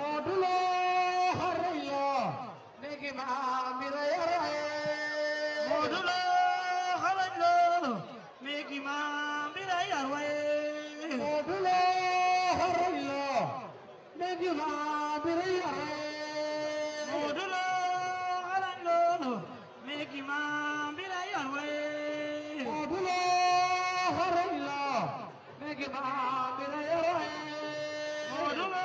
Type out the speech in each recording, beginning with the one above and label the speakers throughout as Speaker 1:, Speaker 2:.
Speaker 1: మోటులో హరయ్యో నీకు మామిరయ్యో మోటులో హరయ్యో నీకు మామిరయ్యో మోటులో హరయ్యో నీకు మామిరయ్యో మోటులో హరయ్యో నీకు మామిరయ్యో మోటులో హరయ్యో నీకు మామిరయ్యో మోటులో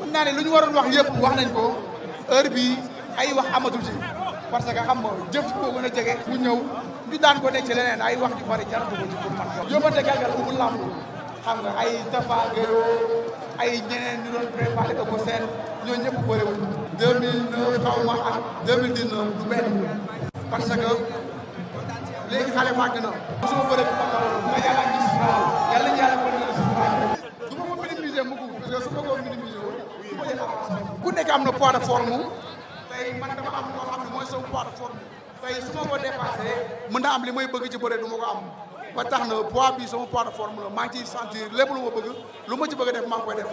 Speaker 2: mën naa ne lu ñu waroon wax yëpp wax nañ ko heure bi ay wax amatul ci parce que xam nga jëf ko gën a jege mu ñëw ñu daan ko ne ci leneen ay wax ju bari jaratu ko ci pour man ko yóbbante galgal bu làmb xam nga ay Tafa Gueye ay ñeneen ñu doon préparé ko seen ñooñu ñëpp bëriwul 2009 xaw ma du benn parce que léegi xale màgg na su ma bëree ku nekk am na poids de forme tey man dama am loo xam ne mooy sama poids de forme tey su ma ko dépassé mën naa am li may bëgg ci bëre du ma ko am ba tax na poids bi sama poids de forme la maa ngi ciy sentir lépp lu ma bëgg lu ma ci bëgg a def maa koy def